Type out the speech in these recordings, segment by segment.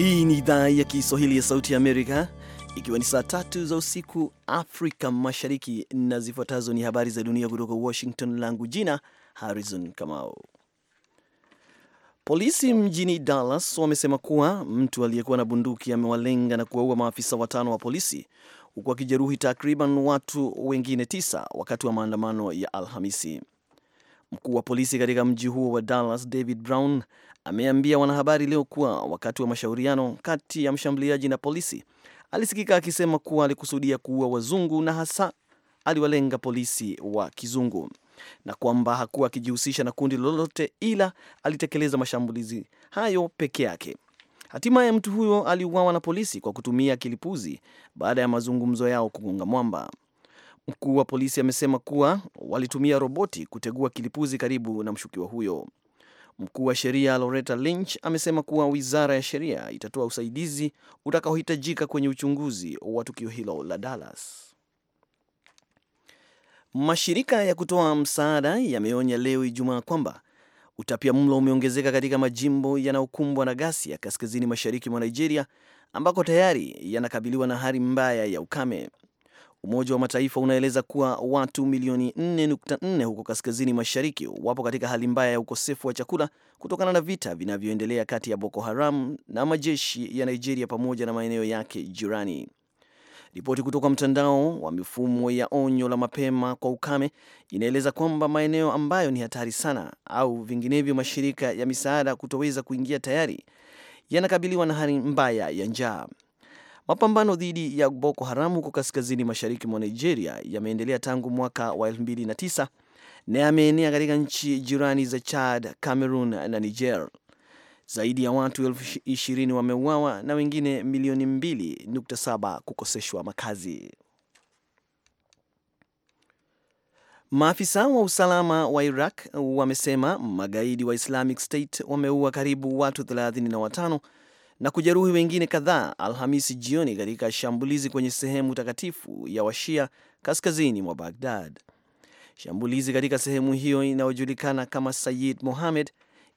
Hii ni idhaa ya Kiswahili ya Sauti ya Amerika, ikiwa ni saa tatu za usiku Afrika Mashariki, na zifuatazo ni habari za dunia kutoka Washington. Langu jina Harrison Kamau. Polisi mjini Dallas wamesema kuwa mtu aliyekuwa na bunduki amewalenga na kuwaua maafisa watano wa polisi huku akijeruhi takriban watu wengine tisa wakati wa maandamano ya Alhamisi. Mkuu wa polisi katika mji huo wa Dallas, David Brown, ameambia wanahabari leo kuwa wakati wa mashauriano kati ya mshambuliaji na polisi alisikika akisema kuwa alikusudia kuua wazungu na hasa aliwalenga polisi wa kizungu na kwamba hakuwa akijihusisha na kundi lolote ila alitekeleza mashambulizi hayo peke yake. Hatimaye mtu huyo aliuawa na polisi kwa kutumia kilipuzi baada ya mazungumzo yao kugonga mwamba. Mkuu wa polisi amesema kuwa walitumia roboti kutegua kilipuzi karibu na mshukiwa huyo. Mkuu wa sheria Loretta Lynch amesema kuwa wizara ya sheria itatoa usaidizi utakaohitajika kwenye uchunguzi wa tukio hilo la Dallas. Mashirika ya kutoa msaada yameonya leo Ijumaa kwamba utapia mlo umeongezeka katika majimbo yanayokumbwa na ghasia ya kaskazini mashariki mwa Nigeria ambako tayari yanakabiliwa na hali mbaya ya ukame. Umoja wa Mataifa unaeleza kuwa watu milioni 4.4 huko kaskazini mashariki wapo katika hali mbaya ya ukosefu wa chakula kutokana na vita vinavyoendelea kati ya Boko Haram na majeshi ya Nigeria pamoja na maeneo yake jirani. Ripoti kutoka mtandao wa mifumo ya onyo la mapema kwa ukame inaeleza kwamba maeneo ambayo ni hatari sana au vinginevyo mashirika ya misaada kutoweza kuingia tayari yanakabiliwa na hali mbaya ya njaa. Mapambano dhidi ya Boko Haram huko kaskazini mashariki mwa Nigeria yameendelea tangu mwaka wa 2009 na yameenea katika nchi jirani za Chad, Cameroon na Niger. Zaidi ya watu elfu ishirini wameuawa na wengine milioni 2.7 kukoseshwa makazi. Maafisa wa usalama wa Iraq wamesema magaidi wa Islamic State wameua karibu watu 35 na kujeruhi wengine kadhaa Alhamisi jioni katika shambulizi kwenye sehemu takatifu ya Washia kaskazini mwa Bagdad. Shambulizi katika sehemu hiyo inayojulikana kama Sayid Mohammed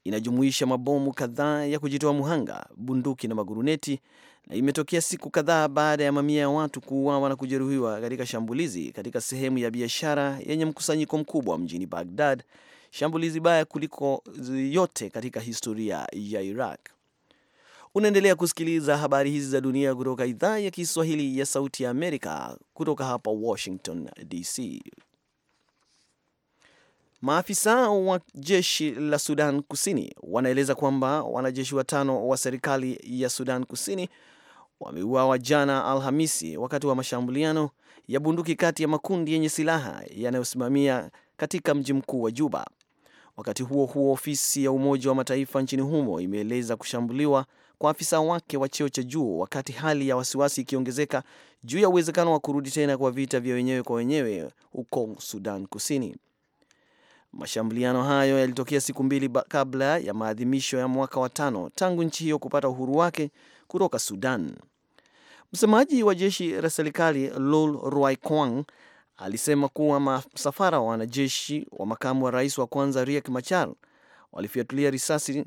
inajumuisha mabomu kadhaa ya kujitoa muhanga, bunduki na maguruneti, na imetokea siku kadhaa baada ya mamia ya watu kuuawa na kujeruhiwa katika shambulizi katika sehemu ya biashara yenye mkusanyiko mkubwa mjini Bagdad, shambulizi baya kuliko yote katika historia ya Iraq. Unaendelea kusikiliza habari hizi za dunia kutoka idhaa ya Kiswahili ya Sauti ya Amerika kutoka hapa Washington DC. Maafisa wa jeshi la Sudan Kusini wanaeleza kwamba wanajeshi watano wa serikali ya Sudan Kusini wameuawa jana Alhamisi wakati wa mashambuliano ya bunduki kati ya makundi yenye silaha yanayosimamia katika mji mkuu wa Juba. Wakati huo huo, ofisi ya Umoja wa Mataifa nchini humo imeeleza kushambuliwa kwa afisa wake wa cheo cha juu, wakati hali ya wasiwasi ikiongezeka juu ya uwezekano wa kurudi tena kwa vita vya wenyewe kwa wenyewe huko Sudan Kusini. Mashambuliano hayo yalitokea siku mbili kabla ya maadhimisho ya mwaka wa tano tangu nchi hiyo kupata uhuru wake kutoka Sudan. Msemaji wa jeshi la serikali Lul Ruaikwang alisema kuwa msafara wa wanajeshi wa makamu wa rais wa kwanza Riek Machar walifyatulia risasi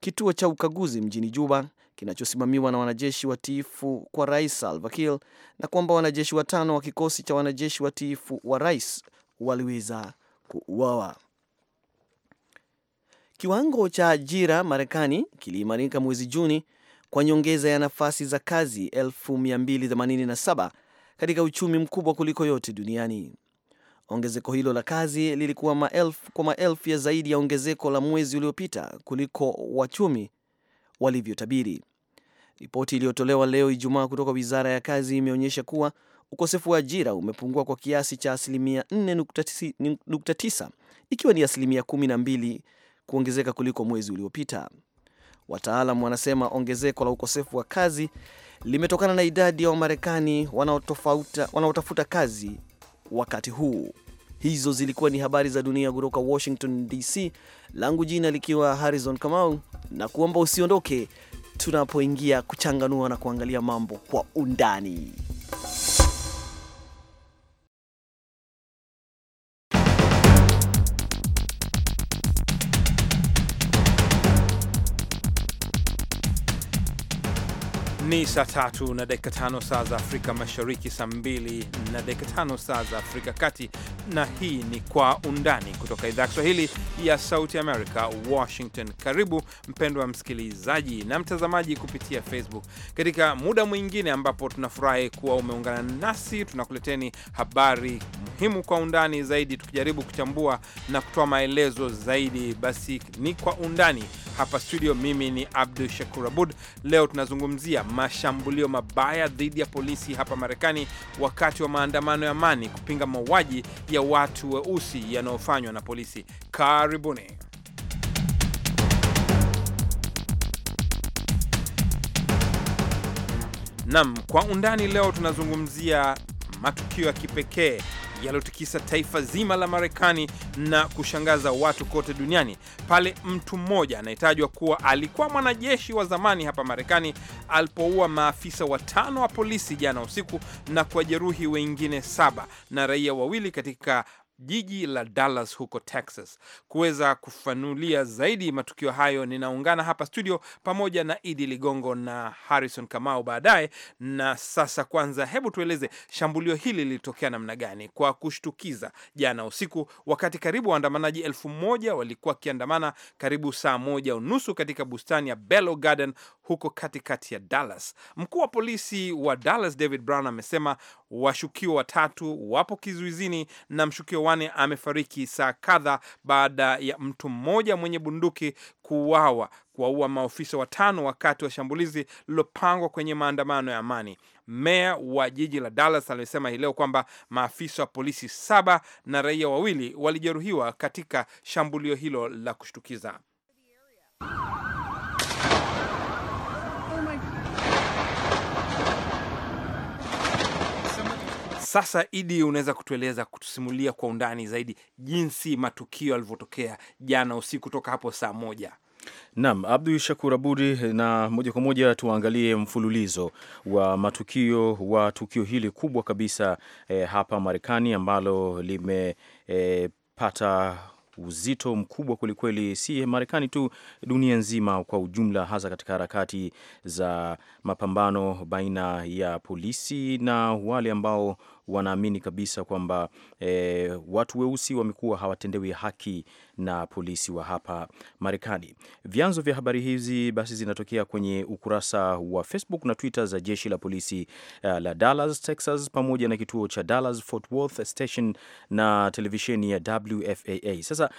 Kituo cha ukaguzi mjini Juba kinachosimamiwa na wanajeshi watiifu kwa rais Salva Kiir na kwamba wanajeshi watano wa kikosi cha wanajeshi watiifu wa rais waliweza kuuawa. Kiwango cha ajira Marekani kiliimarika mwezi Juni kwa nyongeza ya nafasi za kazi 287 katika uchumi mkubwa kuliko yote duniani. Ongezeko hilo la kazi lilikuwa maelfu kwa maelfu ya zaidi ya ongezeko la mwezi uliopita kuliko wachumi walivyotabiri. Ripoti iliyotolewa leo Ijumaa kutoka wizara ya kazi imeonyesha kuwa ukosefu wa ajira umepungua kwa kiasi cha asilimia 4.9 ikiwa ni asilimia 12 kuongezeka kuliko mwezi uliopita. Wataalam wanasema ongezeko la ukosefu wa kazi limetokana na idadi ya Wamarekani wanaotafuta kazi wakati huu. Hizo zilikuwa ni habari za dunia kutoka Washington DC, langu jina likiwa Harrison Kamau, na kuomba usiondoke tunapoingia kuchanganua na kuangalia mambo kwa undani. Ni saa tatu na dakika tano saa za Afrika Mashariki, saa mbili na dakika tano saa za Afrika Kati, na hii ni Kwa Undani kutoka idhaa ya Kiswahili ya Sauti America, Washington. Karibu mpendwa msikilizaji na mtazamaji kupitia Facebook katika muda mwingine ambapo tunafurahi kuwa umeungana nasi. Tunakuleteni habari muhimu kwa undani zaidi, tukijaribu kuchambua na kutoa maelezo zaidi. Basi ni kwa undani hapa studio. Mimi ni Abdu Shakur Abud. Leo tunazungumzia mashambulio mabaya dhidi ya polisi hapa Marekani wakati wa maandamano ya amani kupinga mauaji ya watu weusi yanayofanywa na polisi. Karibuni. Nam, kwa undani leo tunazungumzia matukio ya kipekee yaliyotikisa taifa zima la Marekani na kushangaza watu kote duniani pale mtu mmoja anayetajwa kuwa alikuwa mwanajeshi wa zamani hapa Marekani alipoua maafisa watano wa polisi jana usiku na kuwajeruhi wengine saba na raia wawili katika jiji la Dallas huko Texas. Kuweza kufanulia zaidi matukio hayo, ninaungana hapa studio pamoja na Idi Ligongo na Harrison Kamau baadaye. Na sasa kwanza, hebu tueleze shambulio hili lilitokea namna gani? Kwa kushtukiza jana usiku, wakati karibu waandamanaji elfu moja walikuwa wakiandamana karibu saa moja unusu katika bustani ya Bello Garden huko katikati ya Dallas. Mkuu wa polisi wa Dallas David Brown amesema Washukiwa watatu wapo kizuizini na mshukiwa wane amefariki saa kadha baada ya mtu mmoja mwenye bunduki kuuawa kuwaua maofisa watano wakati wa shambulizi lililopangwa kwenye maandamano ya amani. Meya wa jiji la Dallas alisema hii leo kwamba maafisa wa polisi saba na raia wawili walijeruhiwa katika shambulio hilo la kushtukiza. Sasa Idi, unaweza kutueleza, kutusimulia kwa undani zaidi jinsi matukio yalivyotokea jana usiku toka hapo saa moja? Naam, Abdu Shakur Abudi, na moja kwa moja tuangalie mfululizo wa matukio wa tukio hili kubwa kabisa eh, hapa Marekani ambalo limepata eh, uzito mkubwa kwelikweli, si Marekani tu, dunia nzima kwa ujumla, hasa katika harakati za mapambano baina ya polisi na wale ambao wanaamini kabisa kwamba e, watu weusi wamekuwa hawatendewi haki na polisi wa hapa Marekani. Vyanzo vya habari hizi basi zinatokea kwenye ukurasa wa Facebook na Twitter za jeshi la polisi uh, la Dallas, Texas pamoja na kituo cha Dallas Fort Worth Station na televisheni ya WFAA. Sasa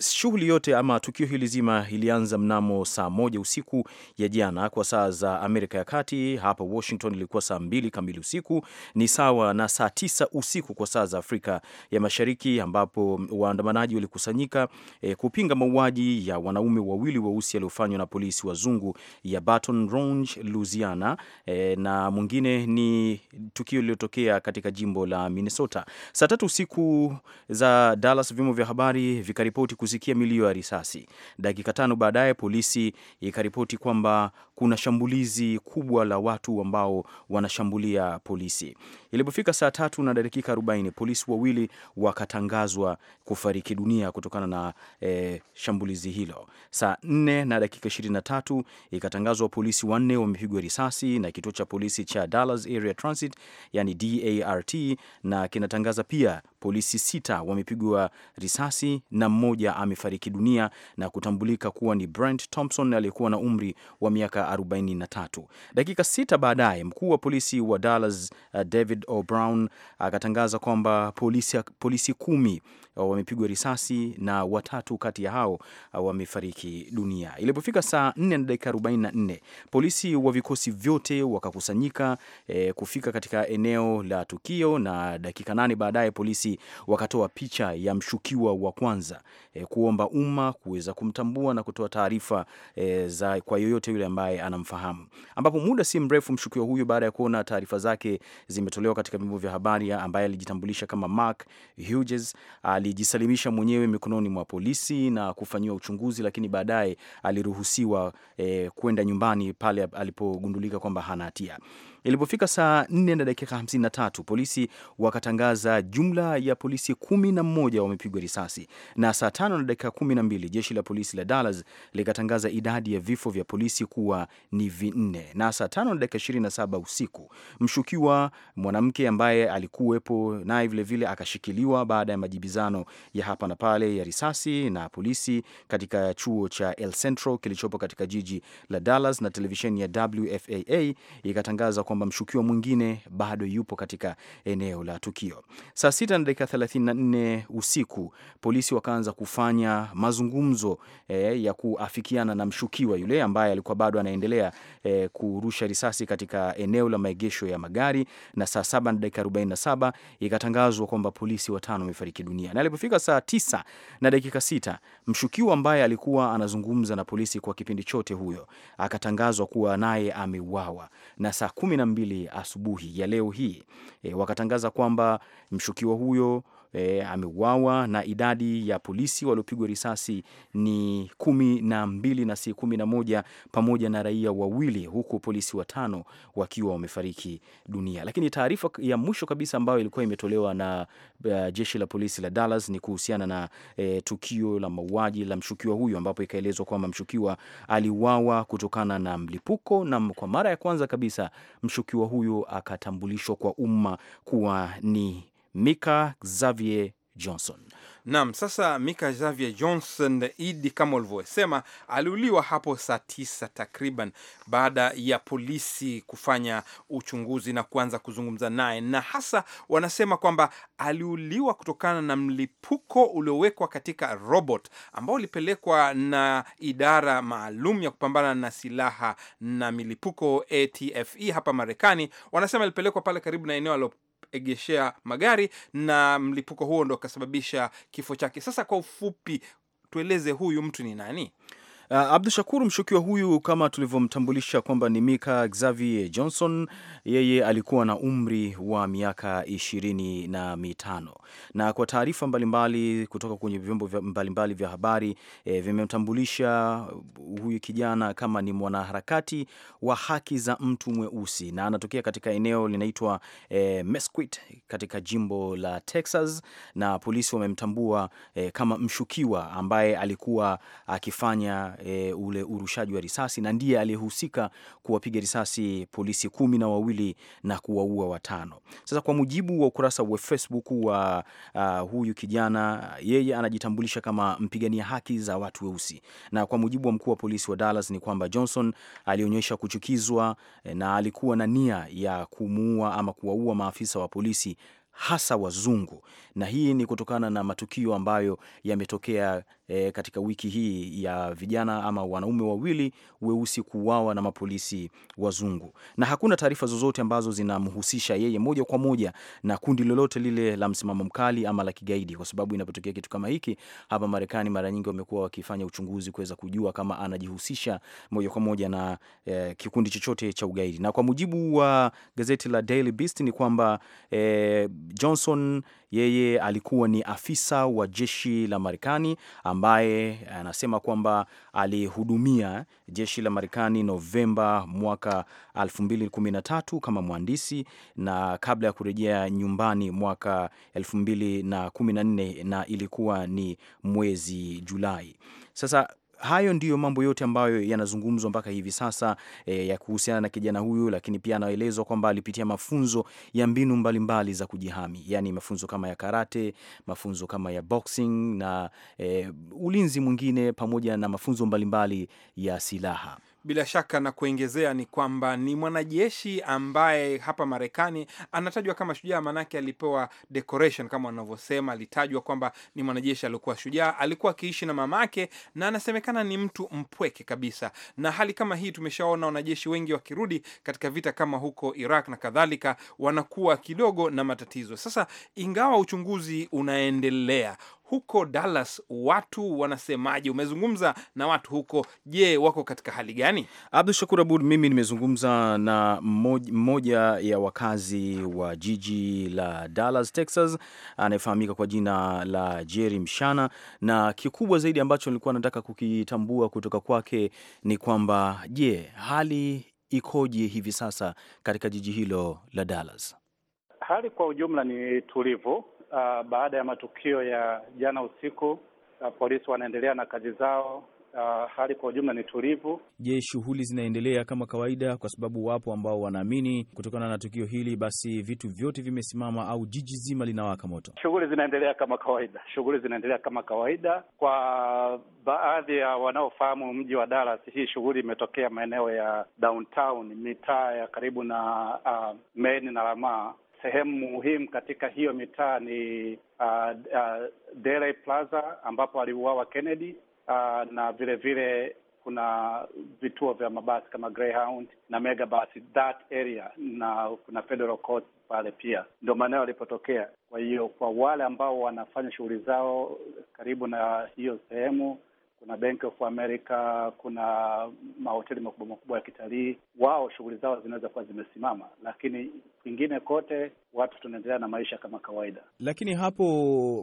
Shughuli yote ama tukio hili zima ilianza mnamo saa moja usiku ya jana kwa saa za Amerika ya Kati. Hapa Washington ilikuwa saa mbili kamili usiku, ni sawa na saa tisa usiku kwa saa za Afrika ya Mashariki, ambapo waandamanaji walikusanyika e, kupinga mauaji ya wanaume wawili weusi yaliyofanywa na polisi wazungu ya Baton Rouge, Louisiana, e, na mwingine ni tukio lililotokea katika jimbo la Minnesota. Saa tatu usiku za Dallas, vyombo vya habari vikaripoti kusikia milio ya risasi. Dakika tano baadaye polisi ikaripoti kwamba kuna shambulizi kubwa la watu ambao wanashambulia polisi. Ilipofika saa tatu na dakika 40 polisi wawili wakatangazwa kufariki dunia kutokana na e, shambulizi hilo. Saa 4 na dakika 23 ikatangazwa polisi wanne wamepigwa risasi na kituo cha polisi cha Dallas Area Transit, yani DART, na kinatangaza pia polisi sita wamepigwa risasi na mmoja amefariki dunia na kutambulika kuwa ni Brent Thompson aliyekuwa na umri wa miaka 43. Dakika sita baadaye mkuu wa polisi wa Dallas uh, David o'brown akatangaza kwamba polisi, polisi kumi wamepigwa risasi na watatu kati ya hao uh, wamefariki dunia. Ilipofika saa 4 na dakika 44 polisi wa vikosi vyote wakakusanyika e, kufika katika eneo la tukio, na dakika nane baadaye polisi wakatoa picha ya mshukiwa wa kwanza e, kuomba umma kuweza kumtambua na kutoa taarifa e, za kwa yoyote yule ambaye anamfahamu, ambapo muda si mrefu mshukiwa huyu baada ya kuona taarifa zake zimetolewa katika vyombo vya habari, ambaye alijitambulisha kama Mark Hughes ali alijisalimisha mwenyewe mikononi mwa polisi na kufanyiwa uchunguzi, lakini baadaye aliruhusiwa eh, kwenda nyumbani pale alipogundulika kwamba hana hatia. Ilipofika saa 4 na dakika 53 polisi wakatangaza jumla ya polisi 11 wamepigwa risasi, na saa tano na dakika 12 jeshi la polisi la Dallas likatangaza idadi ya vifo vya polisi kuwa ni vinne, na saa tano na dakika 27 usiku mshukiwa mwanamke ambaye alikuwepo naye vilevile akashikiliwa baada ya majibizano ya hapa na pale ya risasi na polisi katika chuo cha El Centro kilichopo katika jiji la Dallas, na televisheni ya WFAA ikatangaza kwa kwamba mshukiwa mwingine bado yupo katika eneo la tukio. Saa sita na dakika thelathini na nne usiku polisi wakaanza kufanya mazungumzo e, ya kuafikiana na mshukiwa yule ambaye alikuwa bado anaendelea e, kurusha risasi katika eneo la maegesho ya magari, na saa saba na dakika arobaini na saba ikatangazwa kwamba polisi watano wamefariki dunia, na alipofika saa tisa na dakika sita mshukiwa ambaye alikuwa anazungumza na polisi kwa kipindi chote, huyo akatangazwa kuwa naye ameuawa na saa kumi 12 asubuhi ya leo hii e, wakatangaza kwamba mshukiwa huyo e, ameuawa na idadi ya polisi waliopigwa risasi ni kumi na mbili na si kumi na moja pamoja na raia wawili, huku polisi watano wakiwa wamefariki dunia. Lakini taarifa ya mwisho kabisa ambayo ilikuwa imetolewa na uh, jeshi la polisi la Dallas ni kuhusiana na e, tukio la mauaji la mshukiwa huyu, ambapo ikaelezwa kwamba mshukiwa aliuawa kutokana na mlipuko, na kwa mara ya kwanza kabisa mshukiwa huyu akatambulishwa kwa umma kuwa ni Mika Xavier Johnson. Naam, sasa Mika Xavier Johnson Idi, kama ulivyosema, aliuliwa hapo saa tisa takriban baada ya polisi kufanya uchunguzi na kuanza kuzungumza naye, na hasa wanasema kwamba aliuliwa kutokana na mlipuko uliowekwa katika robot ambao ulipelekwa na idara maalum ya kupambana na silaha na milipuko ATFE hapa Marekani. Wanasema ilipelekwa pale karibu na eneo kuegeshea magari, na mlipuko huo ndo ukasababisha kifo chake. Sasa kwa ufupi, tueleze huyu mtu ni nani? Uh, Abdu Shakur, mshukiwa huyu kama tulivyomtambulisha kwamba ni Mika Xavier Johnson, yeye alikuwa na umri wa miaka ishirini na mitano na kwa taarifa mbalimbali kutoka kwenye vyombo mbalimbali vya habari e, vimemtambulisha huyu kijana kama ni mwanaharakati wa haki za mtu mweusi na anatokea katika eneo linaitwa e, eh, Mesquit katika jimbo la Texas, na polisi wamemtambua e, kama mshukiwa ambaye alikuwa akifanya e, ule urushaji wa risasi na ndiye aliyehusika kuwapiga risasi polisi kumi na wawili na kuwaua watano. Sasa kwa mujibu wa ukurasa wa Facebook wa uh, huyu kijana, yeye anajitambulisha kama mpigania haki za watu weusi, na kwa mujibu wa mkuu wa polisi wa Dallas ni kwamba Johnson alionyesha kuchukizwa e, na alikuwa na nia ya kumuua ama kuwaua maafisa wa polisi hasa wazungu, na hii ni kutokana na matukio ambayo yametokea e, katika wiki hii ya vijana ama wanaume wawili weusi kuuawa na mapolisi wazungu, na hakuna taarifa zozote ambazo zinamhusisha yeye moja kwa moja na kundi lolote lile la msimamo mkali ama la kigaidi, kwa sababu inapotokea kitu kama hiki hapa Marekani, mara nyingi wamekuwa wakifanya uchunguzi kuweza kujua kama anajihusisha moja kwa moja na e, kikundi chochote cha ugaidi. Na kwa mujibu wa gazeti la Daily Beast ni kwamba e, Johnson yeye alikuwa ni afisa wa jeshi la Marekani ambaye anasema kwamba alihudumia jeshi la Marekani Novemba mwaka 2013 kama mhandisi na kabla ya kurejea nyumbani mwaka 2014 na, na ilikuwa ni mwezi Julai. Sasa hayo ndiyo mambo yote ambayo yanazungumzwa mpaka hivi sasa e, ya kuhusiana na kijana huyu, lakini pia anaelezwa kwamba alipitia mafunzo ya mbinu mbalimbali mbali za kujihami, yani mafunzo kama ya karate, mafunzo kama ya boxing na e, ulinzi mwingine pamoja na mafunzo mbalimbali mbali ya silaha bila shaka na kuongezea ni kwamba ni mwanajeshi ambaye hapa Marekani anatajwa kama shujaa, maanake alipewa decoration kama wanavyosema. Alitajwa kwamba ni mwanajeshi aliokuwa shujaa, alikuwa akiishi na mamake, na anasemekana ni mtu mpweke kabisa. Na hali kama hii tumeshaona wanajeshi wengi wakirudi katika vita kama huko Iraq na kadhalika, wanakuwa kidogo na matatizo. Sasa ingawa uchunguzi unaendelea huko Dallas watu wanasemaje? Umezungumza na watu huko, je, wako katika hali gani? Abdu Shakur Abud, mimi nimezungumza na mmoja ya wakazi wa jiji la Dallas, Texas, anayefahamika kwa jina la Jerry Mshana, na kikubwa zaidi ambacho nilikuwa nataka kukitambua kutoka kwake ni kwamba, je, hali ikoje hivi sasa katika jiji hilo la Dallas? Hali kwa ujumla ni tulivu uh, baada ya matukio ya jana usiku uh, polisi wanaendelea na kazi zao. Uh, hali kwa ujumla ni tulivu. Je, shughuli zinaendelea kama kawaida? Kwa sababu wapo ambao wanaamini kutokana na tukio hili basi vitu vyote vimesimama au jiji zima linawaka moto. Shughuli zinaendelea kama kawaida, shughuli zinaendelea kama kawaida. Kwa baadhi ya wanaofahamu mji wa Dallas, hii shughuli imetokea maeneo ya downtown, mitaa ya karibu na uh, Main na Lamar Sehemu muhimu katika hiyo mitaa ni uh, uh, Dealey Plaza ambapo aliuawa Kennedy uh, na vile vile kuna vituo vya mabasi kama Greyhound na Megabus that area, na kuna Federal Court pale pia ndio maeneo alipotokea. Kwa hiyo kwa wale ambao wanafanya shughuli zao karibu na hiyo sehemu kuna Bank of America, kuna mahoteli makubwa makubwa ya kitalii, wao shughuli zao zinaweza kuwa zimesimama, lakini kwingine kote watu tunaendelea na maisha kama kawaida. Lakini hapo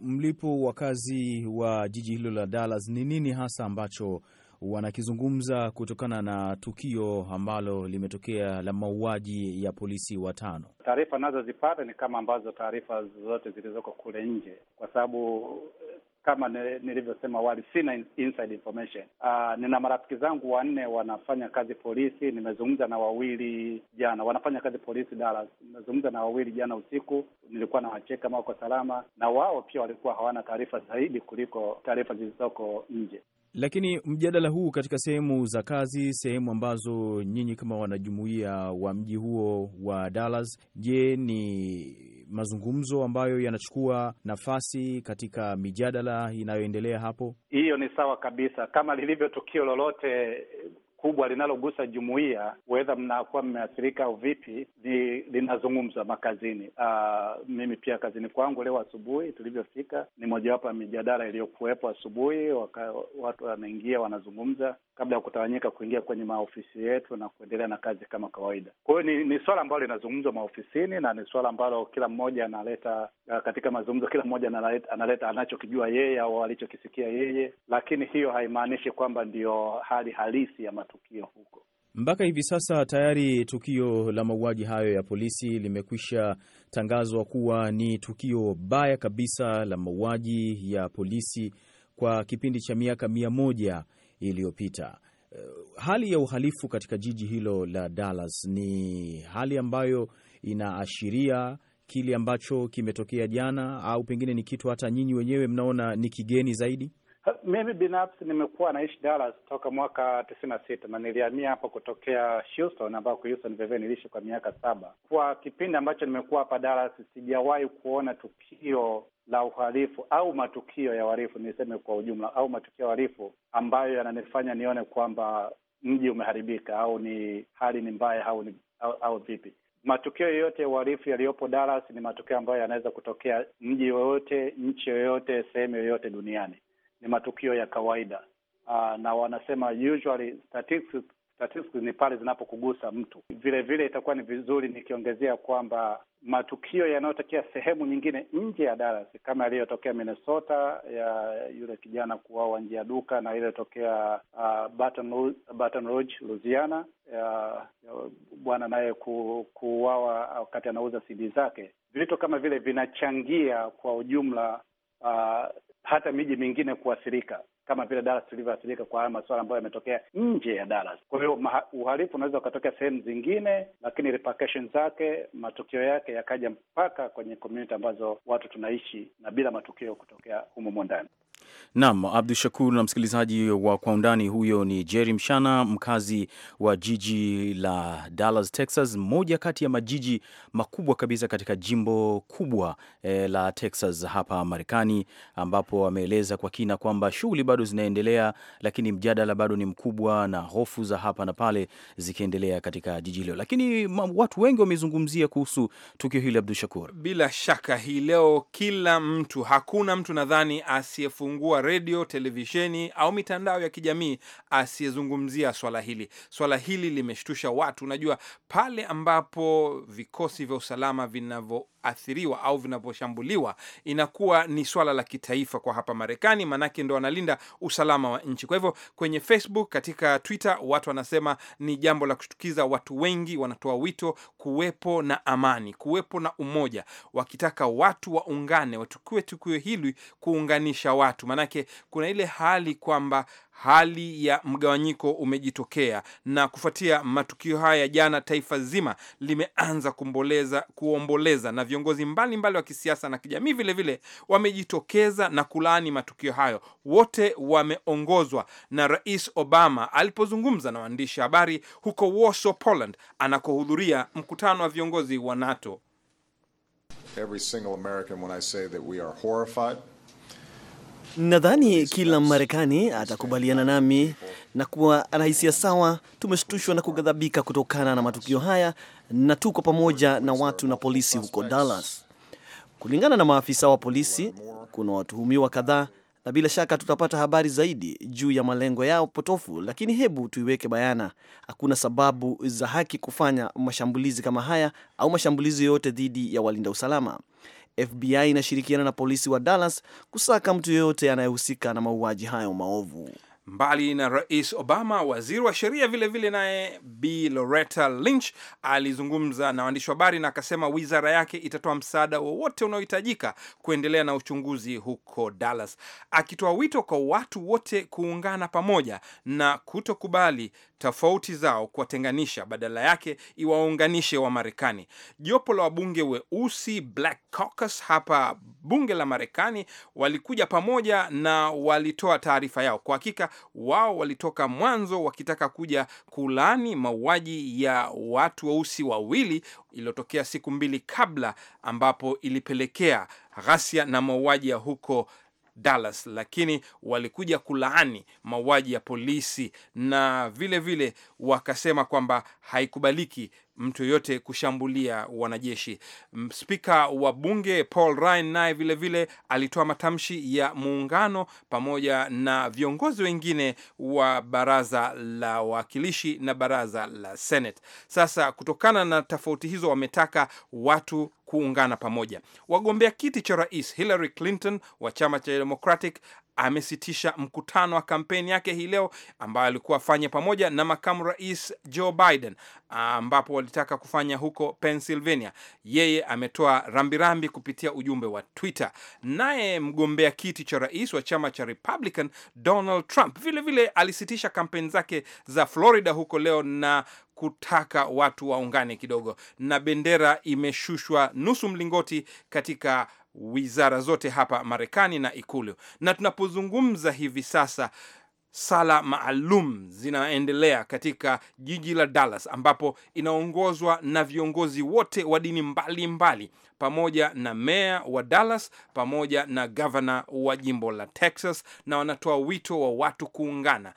mlipo, wakazi wa jiji hilo la Dallas, ni nini hasa ambacho wanakizungumza kutokana na tukio ambalo limetokea la mauaji ya polisi watano. Taarifa nazozipata ni kama ambazo taarifa zote zilizoko kule nje, kwa sababu kama nilivyosema awali, sina inside information. Uh, nina marafiki zangu wanne wanafanya kazi polisi. Nimezungumza na wawili jana, wanafanya kazi polisi Dallas. Nimezungumza na wawili jana usiku, nilikuwa wacheka mao kwa salama, na wao pia walikuwa hawana taarifa zaidi kuliko taarifa zilizoko nje. Lakini mjadala huu katika sehemu za kazi, sehemu ambazo nyinyi kama wanajumuia wa mji huo wa Dallas, je, ni mazungumzo ambayo yanachukua nafasi katika mijadala inayoendelea hapo? Hiyo ni sawa kabisa, kama lilivyo tukio lolote kubwa linalogusa jumuiya, wedha mnakuwa mmeathirika au vipi, ni linazungumzwa makazini. Aa, ah, mimi pia kazini kwangu leo asubuhi tulivyofika, ni mojawapo ya mijadala iliyokuwepo asubuhi. Watu wanaingia wanazungumza kabla ya kutawanyika kuingia kwenye maofisi yetu na kuendelea na kazi kama kawaida. Kwa hiyo ni, ni swala ambalo linazungumzwa maofisini na ni swala ambalo kila mmoja analeta ah, katika mazungumzo, kila mmoja analeta, analeta anachokijua yeye au alichokisikia yeye, lakini hiyo haimaanishi kwamba ndio hali halisi ya matu matukio huko. Mpaka hivi sasa tayari tukio la mauaji hayo ya polisi limekwisha tangazwa kuwa ni tukio baya kabisa la mauaji ya polisi kwa kipindi cha miaka mia moja iliyopita. Eh, hali ya uhalifu katika jiji hilo la Dallas ni hali ambayo inaashiria kile ambacho kimetokea jana, au pengine ni kitu hata nyinyi wenyewe mnaona ni kigeni zaidi? Mimi binafsi nimekuwa naishi Dallas toka mwaka tisini na sita na nilihamia hapa kutokea Houston, ambako Houston vivyo niliishi kwa miaka saba. Kwa kipindi ambacho nimekuwa hapa Dallas, sijawahi kuona tukio la uhalifu au matukio ya uhalifu, niseme kwa ujumla, au matukio ya uhalifu ambayo yananifanya nione kwamba mji umeharibika au ni hali ni mbaya au ni au, au vipi. Matukio yoyote ya uhalifu yaliyopo Dallas ni matukio ambayo yanaweza kutokea mji yoyote, nchi yoyote, sehemu yoyote duniani ni matukio ya kawaida uh, na wanasema usually statistics, statistics ni pale zinapokugusa mtu. Vile vile itakuwa ni vizuri nikiongezea kwamba matukio yanayotokea sehemu nyingine nje ya Dallas kama yaliyotokea Minnesota ya yule kijana kuuawa nje ya duka na iliyotokea uh, ah, Baton, Baton Rouge, Louisiana bwana naye ku, kuuawa wakati anauza CD zake. Vitu kama vile vinachangia kwa ujumla uh, hata miji mingine kuathirika kama vile Dallas tulivyoathirika kwa haya masuala ambayo yametokea nje ya Dallas. Kwa hiyo uhalifu unaweza ukatokea sehemu zingine, lakini repercussions zake, matukio yake yakaja mpaka kwenye community ambazo watu tunaishi, na bila matukio kutokea humo ndani. Naam, Abdu Shakur na msikilizaji wa Kwa Undani, huyo ni Jerry Mshana, mkazi wa jiji la Dallas, Texas, moja kati ya majiji makubwa kabisa katika jimbo kubwa e, la Texas hapa Marekani, ambapo ameeleza kwa kina kwamba shughuli bado zinaendelea, lakini mjadala bado ni mkubwa na hofu za hapa na pale zikiendelea katika jiji hilo, lakini watu wengi wamezungumzia kuhusu tukio hili. Abdu Shakur, bila shaka hii leo kila mtu, hakuna mtu nadhani asiyefungua kufungua redio, televisheni au mitandao ya kijamii asiyezungumzia swala hili. Swala hili limeshtusha watu. Unajua, pale ambapo vikosi vya usalama vinavyo vinavyoathiriwa au vinavyoshambuliwa inakuwa ni swala la kitaifa kwa hapa Marekani, maanake ndo wanalinda usalama wa nchi. Kwa hivyo kwenye Facebook, katika Twitter watu wanasema ni jambo la kushtukiza. Watu wengi wanatoa wito kuwepo na amani, kuwepo na umoja, wakitaka watu waungane, watukiwe tukio hili kuunganisha watu, maanake kuna ile hali kwamba hali ya mgawanyiko umejitokea, na kufuatia matukio haya jana, taifa zima limeanza kumboleza, kuomboleza na viongozi mbalimbali wa kisiasa na kijamii vilevile wamejitokeza na kulaani matukio hayo. Wote wameongozwa na Rais Obama alipozungumza na waandishi habari huko Warsaw, Poland, anakohudhuria mkutano wa viongozi wa NATO. Every single American, when I say that we are horrified Nadhani kila Marekani atakubaliana nami na kuwa ana hisia sawa. Tumeshtushwa na kughadhabika kutokana na matukio haya na tuko pamoja na watu na polisi huko Dallas. Kulingana na maafisa wa polisi, kuna watuhumiwa kadhaa na bila shaka tutapata habari zaidi juu ya malengo yao potofu, lakini hebu tuiweke bayana, hakuna sababu za haki kufanya mashambulizi kama haya au mashambulizi yoyote dhidi ya walinda usalama. FBI inashirikiana na polisi wa Dallas kusaka mtu yeyote anayehusika na mauaji hayo maovu. Mbali na Rais Obama, waziri wa sheria vilevile naye Bi Loretta Lynch alizungumza na waandishi wa habari na akasema wizara yake itatoa msaada wowote unaohitajika kuendelea na uchunguzi huko Dallas, akitoa wito kwa watu wote kuungana pamoja na kutokubali tofauti zao kuwatenganisha, badala yake iwaunganishe Wamarekani. Jopo la wabunge weusi Black Caucus hapa bunge la Marekani walikuja pamoja na walitoa taarifa yao. Kwa hakika wao walitoka mwanzo wakitaka kuja kulaani mauaji ya watu weusi wawili iliyotokea siku mbili kabla, ambapo ilipelekea ghasia na mauaji ya huko Dallas, lakini walikuja kulaani mauaji ya polisi na vile vile wakasema kwamba haikubaliki mtu yoyote kushambulia wanajeshi. Spika wa bunge Paul Ryan naye vilevile alitoa matamshi ya muungano pamoja na viongozi wengine wa baraza la wawakilishi na baraza la Senate. Sasa kutokana na tofauti hizo, wametaka watu kuungana pamoja. Wagombea kiti cha rais Hillary Clinton wa chama cha Democratic amesitisha mkutano wa kampeni yake hii leo ambayo alikuwa afanye pamoja na makamu rais Joe Biden, ambapo walitaka kufanya huko Pennsylvania. Yeye ametoa rambirambi kupitia ujumbe wa Twitter. Naye mgombea kiti cha rais wa chama cha Republican Donald Trump vilevile vile alisitisha kampeni zake za Florida huko leo na kutaka watu waungane kidogo, na bendera imeshushwa nusu mlingoti katika wizara zote hapa Marekani na Ikulu. Na tunapozungumza hivi sasa, sala maalum zinaendelea katika jiji la Dallas, ambapo inaongozwa na viongozi wote wa dini mbalimbali pamoja na meya wa Dallas pamoja na gavana wa jimbo la Texas, na wanatoa wito wa watu kuungana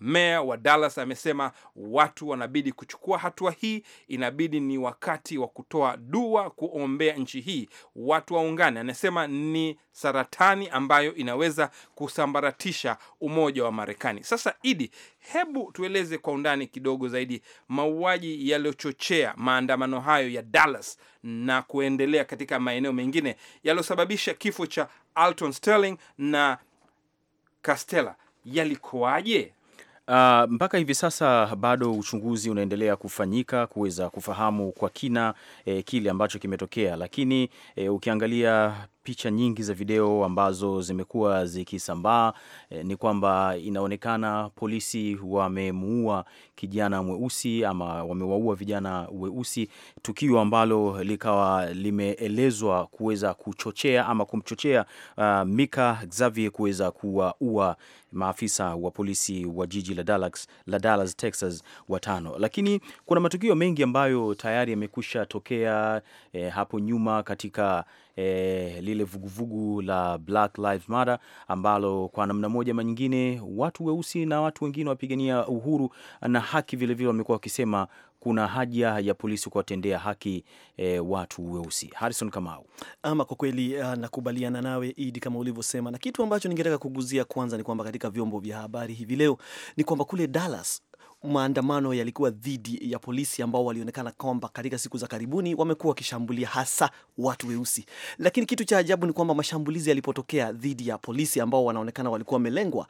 Meya wa Dallas amesema watu wanabidi kuchukua hatua hii, inabidi ni wakati wa kutoa dua kuombea nchi hii, watu waungane. Anasema ni saratani ambayo inaweza kusambaratisha umoja wa Marekani. Sasa Idi, hebu tueleze kwa undani kidogo zaidi mauaji yaliyochochea maandamano hayo ya Dallas na kuendelea katika maeneo mengine yaliyosababisha kifo cha Alton Sterling na Castella yalikoaje Uh, mpaka hivi sasa bado uchunguzi unaendelea kufanyika kuweza kufahamu kwa kina eh, kile ambacho kimetokea, lakini eh, ukiangalia picha nyingi za video ambazo zimekuwa zikisambaa eh, ni kwamba inaonekana polisi wamemuua kijana mweusi ama wamewaua vijana weusi, tukio ambalo likawa limeelezwa kuweza kuchochea ama kumchochea uh, Mika Xavier kuweza kuwaua maafisa wa polisi wa jiji la Dallas, la Dallas Texas watano. Lakini kuna matukio mengi ambayo tayari yamekusha tokea eh, hapo nyuma katika e, lile vuguvugu la Black Lives Matter ambalo kwa namna moja ama nyingine watu weusi na watu wengine wapigania uhuru na haki vilevile wamekuwa wakisema kuna haja ya polisi kuwatendea haki e, watu weusi. Harrison Kamau. Ama kwa kweli eh, nakubaliana nawe Idi, kama ulivyosema, na kitu ambacho ningetaka kuguzia kwanza ni kwamba katika vyombo vya habari hivi leo ni kwamba kule Dallas maandamano yalikuwa dhidi ya polisi ambao walionekana kwamba katika siku za karibuni wamekuwa wakishambulia hasa watu weusi. Lakini kitu cha ajabu ni kwamba mashambulizi yalipotokea dhidi ya polisi ambao wanaonekana walikuwa wamelengwa,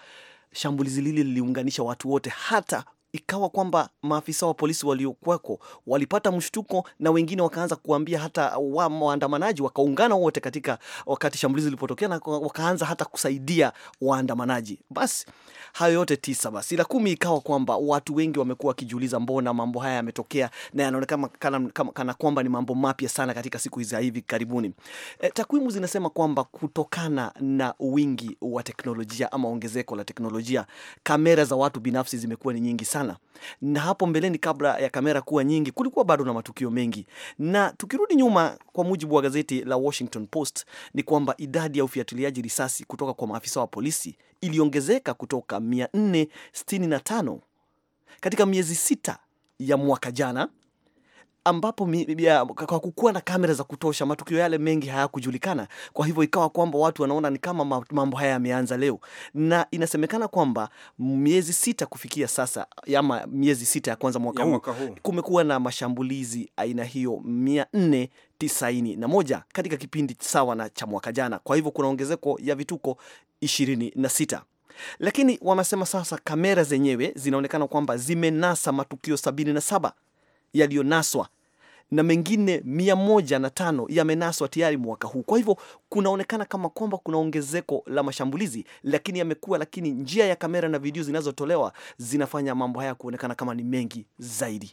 shambulizi lile liliunganisha watu wote, hata ikawa kwamba maafisa wa polisi waliokuwako walipata mshtuko na wengine wakaanza kuambia hata wa waandamanaji wakaungana wote katika wakati shambulizi lilipotokea, na wakaanza hata kusaidia waandamanaji. Basi hayo yote tisa, basi la kumi ikawa kwamba watu wengi wamekuwa wakijiuliza mbona mambo haya yametokea, na yanaonekana kana, kana, kana kwamba ni mambo mapya sana katika siku za hivi karibuni. E, takwimu zinasema kwamba kutokana na wingi wa teknolojia ama ongezeko la teknolojia, kamera za watu binafsi zimekuwa ni nyingi sana sana, na hapo mbeleni, kabla ya kamera kuwa nyingi, kulikuwa bado na matukio mengi. Na tukirudi nyuma, kwa mujibu wa gazeti la Washington Post ni kwamba idadi ya ufiatiliaji risasi kutoka kwa maafisa wa polisi iliongezeka kutoka 465 katika miezi sita ya mwaka jana ambapo mi, ya, kwa kukuwa na kamera za kutosha matukio yale mengi hayakujulikana. Kwa hivyo ikawa kwamba watu wanaona ni kama mambo haya yameanza leo, na inasemekana kwamba miezi sita kufikia sasa, ama miezi sita ya kwanza mwaka huu kumekuwa na mashambulizi aina hiyo mia nne tisaini na moja katika kipindi sawa na cha mwaka jana. Kwa hivyo kuna ongezeko ya vituko ishirini na sita lakini wanasema sasa kamera zenyewe zinaonekana kwamba zimenasa matukio saba yaliyonaswa na mengine mia moja na tano yamenaswa tayari mwaka huu. Kwa hivyo kunaonekana kama kwamba kuna ongezeko la mashambulizi, lakini yamekuwa, lakini njia ya kamera na video zinazotolewa zinafanya mambo haya kuonekana kama ni mengi zaidi.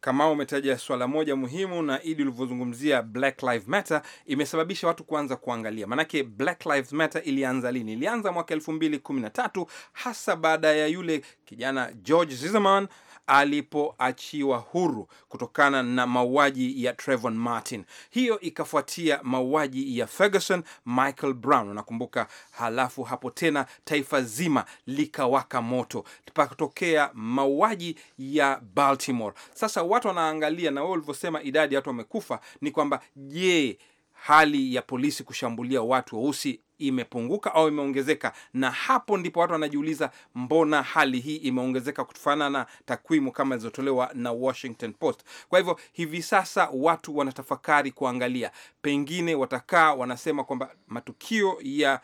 Kama umetaja swala moja muhimu na Idi, ulivyozungumzia Black Lives Matter, imesababisha watu kuanza kuangalia. Maanake Black Lives Matter ilianza lini? Ilianza mwaka elfu mbili kumi na tatu hasa baada ya yule kijana George Zimmerman alipoachiwa huru kutokana na mauaji ya Trayvon Martin. Hiyo ikafuatia mauaji ya Ferguson Michael Brown, unakumbuka? Halafu hapo tena taifa zima likawaka moto, pakatokea mauaji ya Baltimore. Sasa watu wanaangalia, na wewe ulivyosema idadi ya watu wamekufa, ni kwamba je, hali ya polisi kushambulia watu weusi imepunguka au imeongezeka? Na hapo ndipo watu wanajiuliza, mbona hali hii imeongezeka kutofana na takwimu kama zilizotolewa na Washington Post. Kwa hivyo hivi sasa watu wanatafakari kuangalia, pengine watakaa wanasema kwamba matukio ya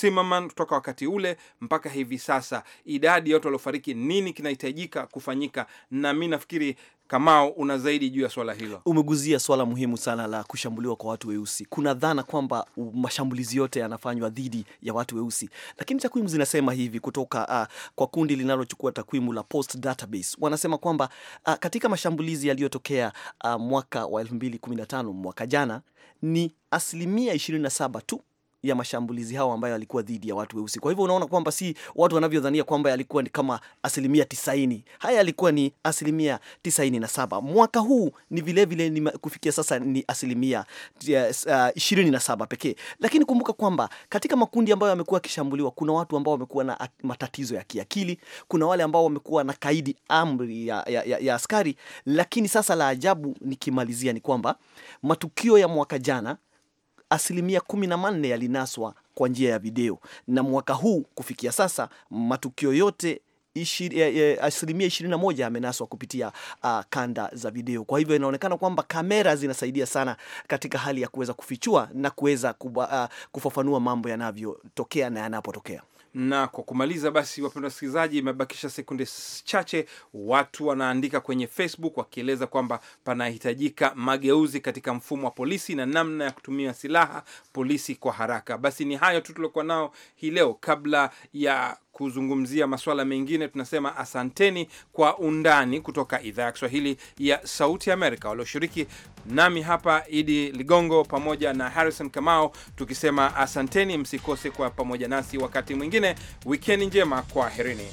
Zimmerman kutoka wakati ule mpaka hivi sasa, idadi ya watu waliofariki, nini kinahitajika kufanyika. Na mi nafikiri Kamao, una zaidi juu ya swala hilo? Umeguzia swala muhimu sana la kushambuliwa kwa watu weusi. Kuna dhana kwamba mashambulizi yote yanafanywa dhidi ya watu weusi, lakini takwimu zinasema hivi kutoka uh, kwa kundi linalochukua takwimu la Post Database wanasema kwamba uh, katika mashambulizi yaliyotokea uh, mwaka wa 2015 mwaka jana ni asilimia 27 tu ya mashambulizi hao ambayo yalikuwa dhidi ya watu weusi. Kwa hivyo unaona kwamba si watu wanavyodhania kwamba yalikuwa ni kama asilimia tisaini, haya yalikuwa ni asilimia tisaini na saba. Mwaka huu ni vilevile vile kufikia sasa ni asilimia ishirini na saba pekee, lakini kumbuka kwamba katika makundi ambayo yamekuwa yakishambuliwa kuna watu ambao wamekuwa na matatizo ya kiakili, kuna wale ambao wamekuwa na kaidi amri ya, ya, ya, ya askari. Lakini sasa la ajabu nikimalizia ni kwamba matukio ya mwaka jana asilimia kumi na manne yalinaswa kwa njia ya video, na mwaka huu kufikia sasa matukio yote asilimia ishirini na moja amenaswa kupitia uh, kanda za video. Kwa hivyo inaonekana kwamba kamera zinasaidia sana katika hali ya kuweza kufichua na kuweza uh, kufafanua mambo yanavyotokea na yanapotokea. Na kwa kumaliza basi, wapendwa wasikilizaji, imebakisha sekunde chache. Watu wanaandika kwenye Facebook wakieleza kwamba panahitajika mageuzi katika mfumo wa polisi na namna ya kutumia silaha polisi kwa haraka. Basi ni hayo tu tuliokuwa nao hii leo kabla ya kuzungumzia masuala mengine, tunasema asanteni kwa undani kutoka idhaa ya Kiswahili ya Sauti Amerika walioshiriki nami hapa, Idi Ligongo pamoja na Harrison Kamao, tukisema asanteni. Msikose kwa pamoja nasi wakati mwingine. Wikendi njema, kwaherini.